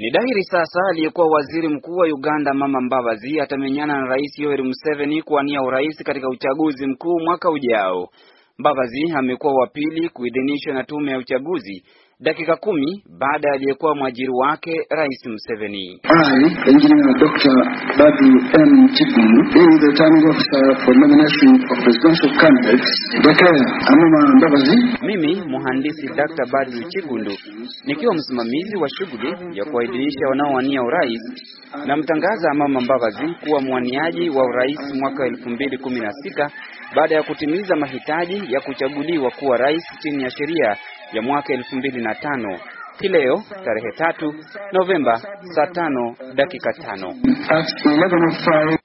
Ni dhahiri sasa aliyekuwa waziri mkuu wa Uganda Mama Mbabazi atamenyana na Rais Yoweri Museveni kuwania urais katika uchaguzi mkuu mwaka ujao. Mbavazi amekuwa wa pili kuidhinishwa na tume ya uchaguzi dakika kumi baada ya aliyekuwa mwajiri wake Rais Museveni. Mimi mhandisi Dr. badu Chigundu nikiwa msimamizi wa shughuli ya kuwaidhinisha wanaowania urais na mtangaza Amama Mbavazi kuwa mwaniaji wa urais mwaka 2016 baada ya kutimiza mahitaji ya kuchaguliwa kuwa rais chini ya sheria ya mwaka 2005 kileo tarehe tatu Novemba saa tano dakika tano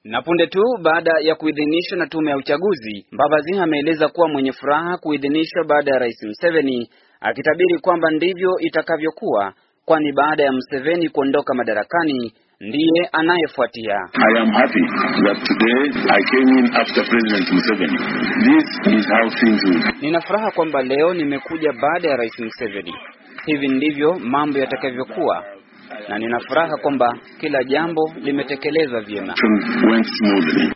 na punde tu baada ya kuidhinishwa na tume ya uchaguzi, Mbavazi ameeleza kuwa mwenye furaha kuidhinishwa baada ya rais Museveni, akitabiri kwamba ndivyo itakavyokuwa, kwani baada ya Museveni kuondoka madarakani ndiye anayefuatia. I am happy that today I came in after President Museveni. This is how things will. Nina furaha kwamba leo nimekuja baada ya Rais Museveni. Hivi ndivyo mambo yatakavyokuwa na nina furaha kwamba kila jambo limetekelezwa vyema.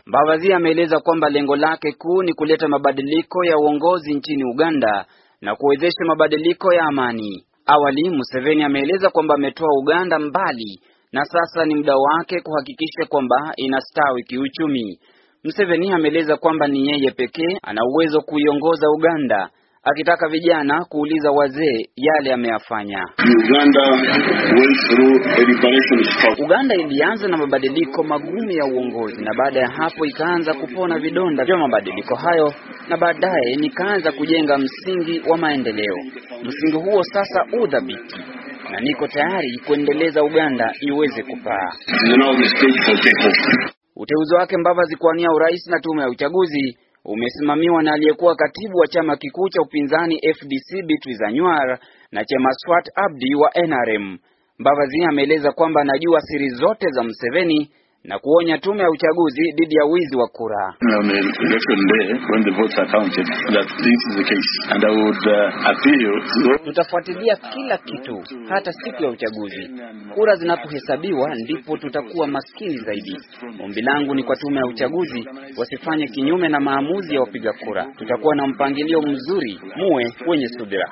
Mbabazi ameeleza kwamba lengo lake kuu ni kuleta mabadiliko ya uongozi nchini Uganda na kuwezesha mabadiliko ya amani. Awali Museveni ameeleza kwamba ametoa Uganda mbali na sasa ni muda wake kuhakikisha kwamba inastawi kiuchumi. mseveni ameeleza kwamba ni yeye pekee ana uwezo kuiongoza Uganda, akitaka vijana kuuliza wazee yale ameyafanya. Uganda, Uganda ilianza na mabadiliko magumu ya uongozi na baada ya hapo ikaanza kupona vidonda vya mabadiliko hayo, na baadaye nikaanza kujenga msingi wa maendeleo. Msingi huo sasa udhabiti na niko tayari kuendeleza Uganda iweze kupaa. Uteuzi wake Mbabazi kuwania urais na tume ya uchaguzi umesimamiwa na aliyekuwa katibu wa chama kikuu cha upinzani FDC Beatrice Anywar na chama Swat Abdi wa NRM. Mbavazi ameeleza kwamba anajua siri zote za Mseveni na kuonya tume ya uchaguzi dhidi ya wizi wa kura. Uh, Tutafuatilia kila kitu hata siku ya uchaguzi. Kura zinapohesabiwa ndipo tutakuwa maskini zaidi. Ombi langu ni kwa tume ya uchaguzi wasifanye kinyume na maamuzi ya wapiga kura. Tutakuwa na mpangilio mzuri, muwe wenye subira.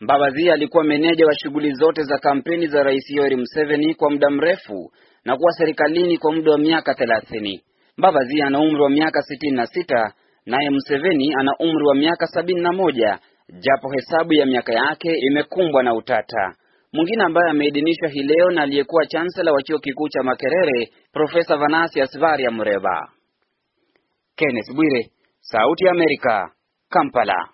Mbabazi alikuwa meneja wa shughuli zote za kampeni za Rais Yoweri Museveni kwa muda mrefu na kuwa serikalini kwa muda wa miaka 30. Mbabazi ana umri wa miaka 66 naye Museveni ana umri wa miaka 71, japo hesabu ya miaka yake imekumbwa na utata. Mwingine ambaye ameidhinishwa hii leo na aliyekuwa chansela wa chuo kikuu cha Makerere, Profesa vanasius varia Mureba. Kenneth Bwire, Sauti ya Amerika, Kampala.